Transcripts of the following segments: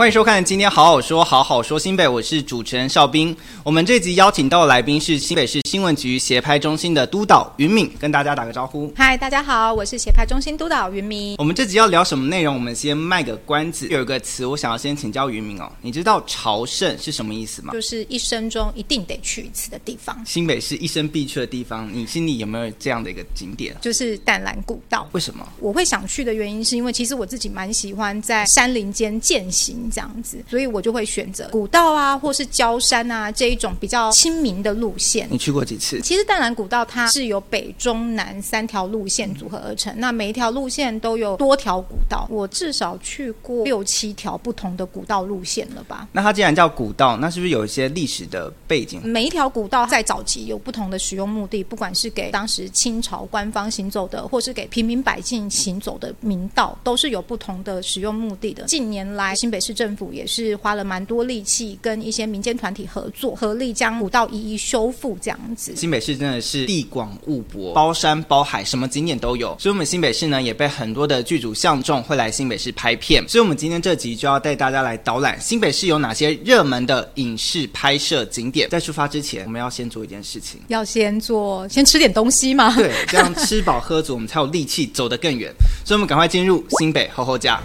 歡迎收看今天好好說，好好說新北，我是主持人邵兵。我們這集邀請到的來賓是新北市新聞局協拍中心的督導昀珉，跟大家打個招呼。嗨，大家好，我是協拍中心督導昀珉。我們這集要聊什麼內容？我們先賣個關子。有一個詞，我想要先請教昀珉哦，你知道朝聖是什麼意思嗎？就是一生中一定得去一次的地方。新北市一生必去的地方，你心裡有沒有這樣的一個景點啊？就是淡蘭古道。為什麼？我會想去的原因是因為其實我自己蠻喜歡在山林間健行。這樣子，所以我就會選擇古道啊，或是郊山啊，這一種比較親民的路線。你去過幾次？其實淡蘭古道它是由北、中、南三條路線組合而成，嗯、那每一條路線都有多條古道。我至少去過六七條不同的古道路線了吧？那它既然叫古道，那是不是有一些歷史的背景？每一條古道在早期有不同的使用目的，不管是給當時清朝官方行走的，或是給平民百姓行走的民道，都是有不同的使用目的的。近年來，新北市。政府也是花了蠻多力氣，跟一些民間團體合作，合力將古道一一修復，這樣子。新北市真的是地廣物博，包山包海，什麼景點都有。所以，我們新北市呢也被很多的劇組相中，會來新北市拍片。所以，我們今天這集就要帶大家來導覽新北市有哪些熱門的影視拍攝景點。在出發之前，我們要先做一件事情，要先做先吃點東西嘛？對，這樣吃飽喝足， 我們才有力氣走得更遠。所以，我們趕快進入新北厚厚呷。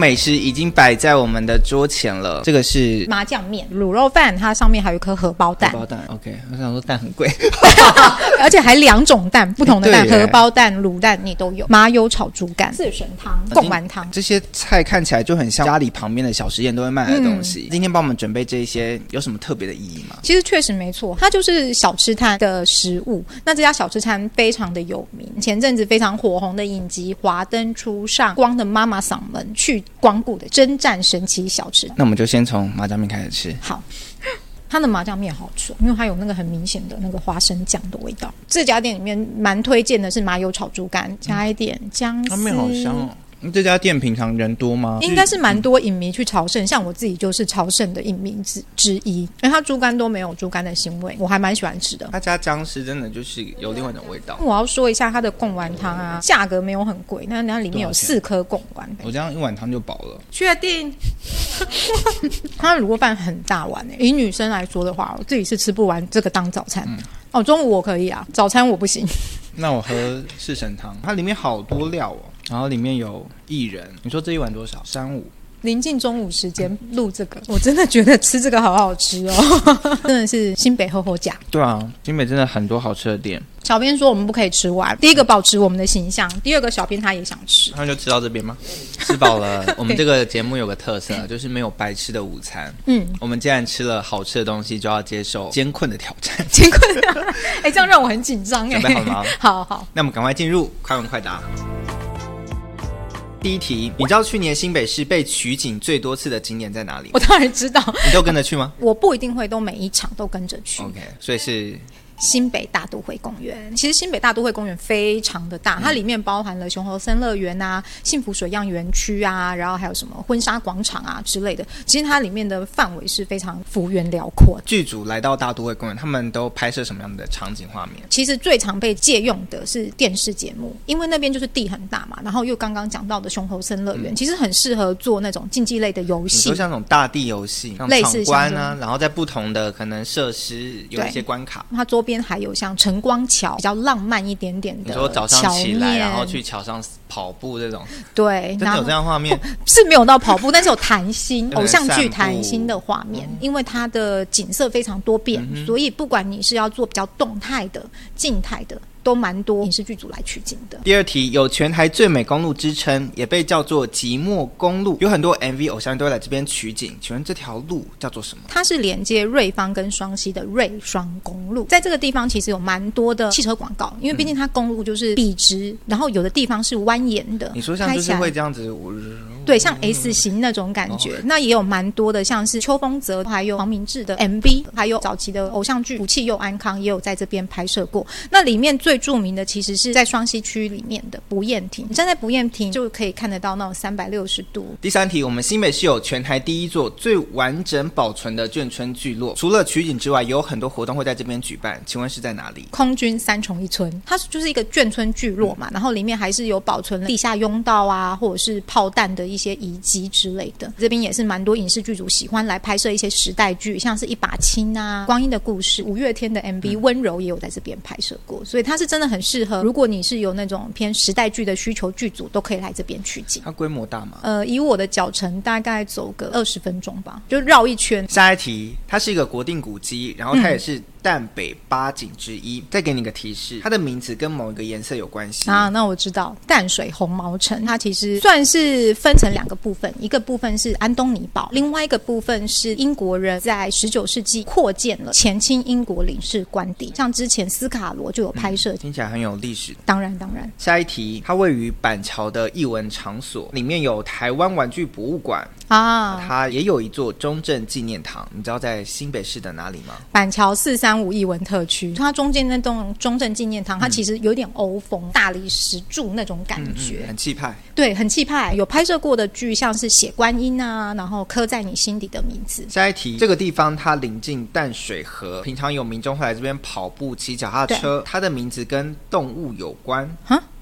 美食已經擺在我們的桌前了。這個是麻醬面、滷肉飯，它上面還有一顆荷包蛋。荷包蛋，OK。我想說蛋很貴， 而且還兩種蛋，不同的蛋，欸、荷包蛋、滷蛋你都有。麻油炒豬肝、四神湯、貢丸湯、啊，這些菜看起來就很像家裡旁邊的小食店都會賣的東西。嗯、今天幫我們準備這些有什麼特別的意義嗎？其實確實沒錯，它就是小吃攤的食物。那這家小吃攤非常的有名，前陣子非常火紅的影集《華燈初上》，光的媽媽桑們去。光顧的征戰神奇小吃，那我們就先從麻醬麵開始吃。好，它的麻醬麵好吃，因為它有那個很明顯的那個花生醬的味道。這家店裡面蠻推薦的是麻油炒豬肝，加一點薑絲，麵、嗯、好香哦。這家店平常人多嗎？應該是蠻多影迷去朝聖，嗯、像我自己就是朝聖的影迷之之一。哎，他豬肝都沒有豬肝的腥味，我還蠻喜歡吃的。他家薑絲真的就是有另外一種味道。嗯、我要說一下他的貢丸湯啊，嗯、價格沒有很貴，那它裡面有四顆貢丸。Okay、對我這樣一碗湯就飽了。確定？他滷肉飯很大碗、欸、以女生來說的話，我自己是吃不完這個當早餐。嗯、哦，中午我可以啊，早餐我不行。那我喝四神湯， 它裡面好多料哦。然後裡面有藝人，你說這一碗多少？三五。臨近中午時間錄這個，我真的覺得吃這個好好吃哦， 真的是新北厚厚呷。對啊，新北真的很多好吃的店。小編說我們不可以吃完，對第一個保持我們的形象，第二個小編他也想吃。那就吃到這邊嗎？ 吃飽了，我們這個節目有個特色， 就是沒有白吃的午餐。 嗯，我們既然吃了好吃的東西，就要接受艱困的挑戰。 艱困的，哎、欸，這樣讓我很緊張哎、欸。準備、嗯，好了嗎？ 好好，那我們趕快進入快問快答。第一題，你知道去年新北市被取景最多次的景點在哪裡？我當然知道。你都跟着去嗎？啊，我不一定會都每一場都跟着去。OK，所以是。新北大都會公園，其實新北大都會公園非常的大，嗯、它裡面包含了熊猴森樂園啊、幸福水漾園區啊，然後還有什麼婚紗廣場啊之類的。其實它裡面的範圍是非常幅員遼闊的。劇組來到大都會公園，他們都拍攝什麼樣的場景畫面？其實最常被借用的是電視節目，因為那邊就是地很大嘛，然後又剛剛講到的熊猴森樂園，嗯、其實很適合做那種競技類的遊戲，像那種大地遊戲、闖關啊，然後在不同的可能設施有一些關卡，它周邊。邊還有像晨光橋比較浪漫一點點的，你說早上起來然後去橋上跑步這種，對，真的有這樣畫面是沒有到跑步， 但是有談心，偶像劇談心的畫面，嗯、因為它的景色非常多變，嗯、哼所以不管你是要做比較動態的、靜態的。都蠻多影視劇組來取景的。第二題，有全台最美公路之稱，也被叫做寂寞公路，有很多 MV 偶像都來這邊取景。請問這條路叫做什麼？它是連接瑞芳跟雙溪的瑞雙公路。在這個地方其實有蠻多的汽車廣告，因為畢竟它公路就是筆直，嗯、然後有的地方是蜿蜒的。你說像就是會這樣子，哦、對，像 S 型那種感覺。哦、那也有蠻多的，像是邱鋒澤還有黃明志的 MV，還有早期的偶像劇《福氣又安康》也有在這邊拍攝過。那裡面最最著名的其實是在雙溪區裡面的不厭亭，你站在不厭亭就可以看得到那種三百六十度。第三題，我們新北是有全台第一座最完整保存的眷村聚落，除了取景之外，也有很多活動會在這邊舉辦。請問是在哪裡？空軍三重一村，它就是一個眷村聚落嘛，嗯、然後裡面還是有保存了地下甬道啊，或者是炮彈的一些遺跡之類的。這邊也是蠻多影視劇組喜歡來拍攝一些時代劇，像是一把青啊、光陰的故事、五月天的 MV、嗯《溫柔》也有在這邊拍攝過，所以它是。是真的很適合，如果你是有那種偏時代劇的需求，劇組都可以來這邊取景。它規模大嗎？呃，以我的腳程大概走個二十分鐘吧，就繞一圈。下一題，它是一個國定古蹟，然後它也是。嗯。淡北八景之一，再給你個提示，它的名字跟某一個顏色有關係啊。那我知道淡水紅毛城，它其實算是分成兩個部分，一個部分是安東尼堡，另外一個部分是英國人在十九世紀擴建了前清英國領事官邸。像之前斯卡羅就有拍攝，嗯、聽起來很有歷史。當然當然，當然下一題，它位於板橋的藝文場所，裡面有台灣玩具博物館。啊，它也有一座中正紀念堂，你知道在新北市的哪裡嗎？板橋四三五藝文特區，它中間那棟中正紀念堂，嗯、它其實有點歐風大理石柱那種感覺，嗯嗯、很氣派。對，很氣派，有拍攝過的劇，像是《血觀音》啊，然後刻在你心底的名字。下一題，這個地方它臨近淡水河，平常有民眾會來這邊跑步、騎腳踏車，對它的名字跟動物有關。啊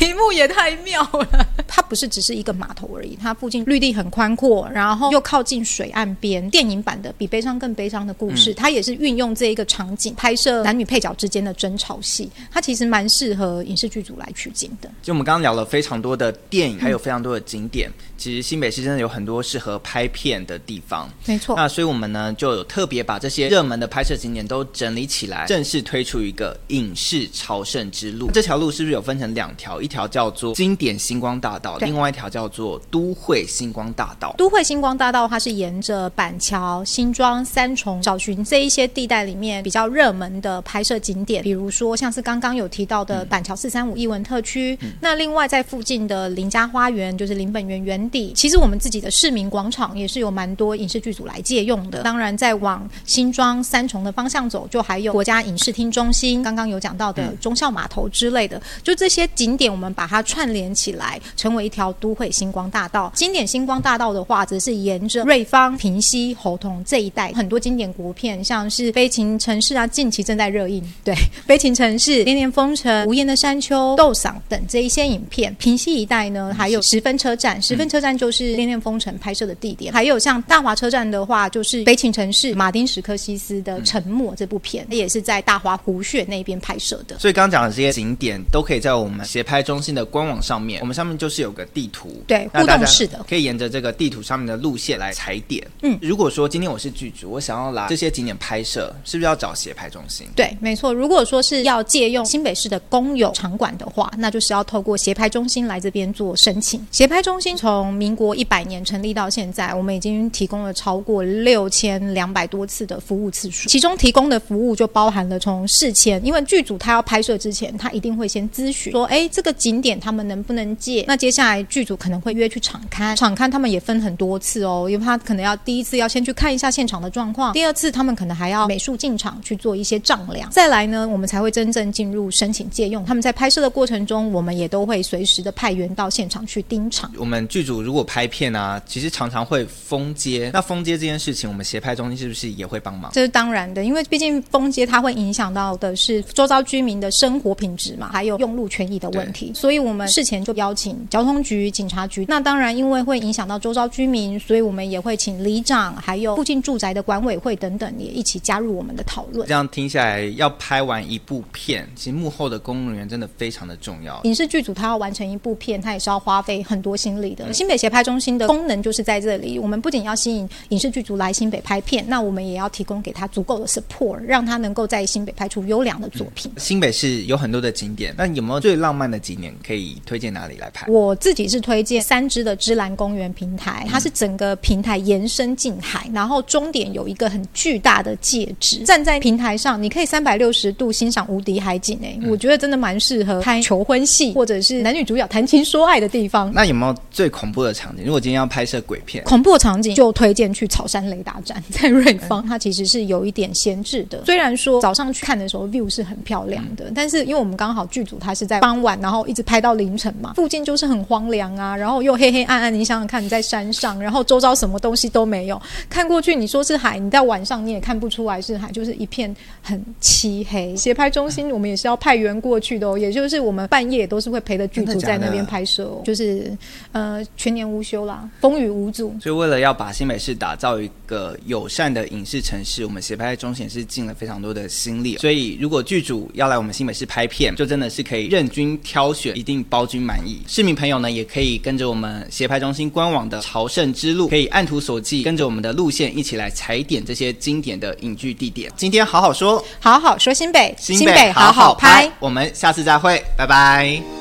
題目也太妙了，它不是只是一個碼頭而已，它附近綠地很寬闊，然後又靠近水岸邊。電影版的比悲傷更悲傷的故事，嗯、它也是運用這一個場景拍攝男女配角之間的爭吵戲，它其實蠻適合影視劇組來取景的。就我們剛剛聊了非常多的電影，還有非常多的景點，嗯、其實新北市真的有很多適合拍片的地方，沒錯。那所以我們呢就有特別把這些熱門的拍攝景點都整理起來，正式推出一個影視朝聖之路。Okay. 這條路是不是有分成兩條？一條叫做經典星光大道，對另外一條叫做都會星光大道。都會星光大道它是沿着板橋、新莊、三重找尋這一些地帶裡面比較熱門的拍攝景點，比如說像是剛剛有提到的板橋四三五藝文特區，嗯、那另外在附近的林家花園，就是林本源園邸。其實我們自己的市民廣場也是有蠻多影視劇組來借用的。當然，在往新莊、三重的方向走，就還有國家影視聽中心，剛剛有講到的忠孝碼頭之類的，嗯、就這些景點。我們把它串聯起來，成為一條都會星光大道。經典星光大道的話，則是沿着瑞芳、平溪、猴硐這一帶，很多經典國片，像是《悲情城市》啊，近期正在熱映。對，《悲情城市》、《戀戀風塵》、《無言的山丘》、《多桑》等這一些影片。平溪一帶呢，還有十分車站。嗯、十分車站就是《戀戀風塵》拍攝的地點，嗯、還有像大華車站的話，就是《悲情城市》、《馬丁·史柯西斯的沉默》這部片，嗯、也是在大華壺穴那邊拍攝的。所以，剛講的這些景點，都可以在我們協拍中心的官網上面，我們上面就是有個地圖，對，互動式的，可以沿着這個地圖上面的路線來踩點。嗯，如果說今天我是劇組，我想要來這些景點拍攝，對是不是要找協拍中心？對，沒錯。如果說是要借用新北市的公有場館的話，那就是要透過協拍中心來這邊做申請。協拍中心從民國一百年成立到現在，我們已經提供了超過六千兩百多次的服務次數，其中提供的服務就包含了從事前，因為劇組他要拍攝之前，他一定會先諮詢說，哎、欸，這個。景點他們能不能借？那接下來劇組可能會約去場勘，場勘他們也分很多次哦，因為他可能要第一次要先去看一下現場的狀況，第二次他們可能還要美術進場去做一些丈量，再來呢，我們才會真正進入申請借用。他們在拍攝的過程中，我們也都會隨時的派員到現場去盯場。我們劇組如果拍片啊，其實常常會封街，那封街這件事情，我們協拍中心是不是也會幫忙？這是當然的，因為畢竟封街它會影響到的是周遭居民的生活品質嘛，還有用路權益的問題。所以我們事前就邀請交通局、警察局。那當然，因為會影響到周遭居民，所以我們也會請里長，還有附近住宅的管委會等等也一起加入我們的討論。這樣聽下來，要拍完一部片，其實幕後的工作人員真的非常的重要。影視劇組他要完成一部片，他也是要花費很多心力的。嗯、新北協拍中心的功能就是在這裡。我們不僅要吸引影視劇組來新北拍片，那我們也要提供給他足夠的 support，讓他能夠在新北拍出優良的作品。嗯、新北是有很多的景點，那有沒有最浪漫的景點？年可以推薦哪裡來拍？我自己是推薦三芝的芝蘭公園平台，它是整個平台延伸近海，嗯、然後終點有一個很巨大的戒指，站在平台上，你可以三百六十度欣賞無敵海景誒、欸！嗯、我覺得真的蠻適合拍求婚戲，或者是男女主角談情說愛的地方。那有沒有最恐怖的場景？如果今天要拍攝鬼片，恐怖的場景就推薦去草山雷達站，在瑞芳，嗯、它其實是有一點閒置的。雖然說早上去看的時候 view 是很漂亮的，嗯、但是因為我們剛好劇組它是在傍晚，然後，一直拍到凌晨嘛，附近就是很荒涼啊，然後又黑黑暗暗。你想想看，你在山上，然後周遭什麼東西都沒有，看過去你說是海，你在晚上你也看不出來是海，就是一片很漆黑。協拍中心我們也是要派員過去的，哦，也就是我們半夜都是會陪着劇組在那邊拍攝，哦，真的假的？就是呃全年無休啦，風雨無阻。所以為了要把新北市打造一個友善的影視城市，我們協拍中心也是盡了非常多的心力。所以如果劇組要來我們新北市拍片，就真的是可以任君挑。一定包君滿意，市民朋友呢也可以跟着我們協拍中心官網的朝聖之路，可以按圖索驥，跟着我們的路線一起來踩點這些經典的影劇地點。今天好好說，好好說新北，新北好好拍，好好拍，我們下次再會，拜拜。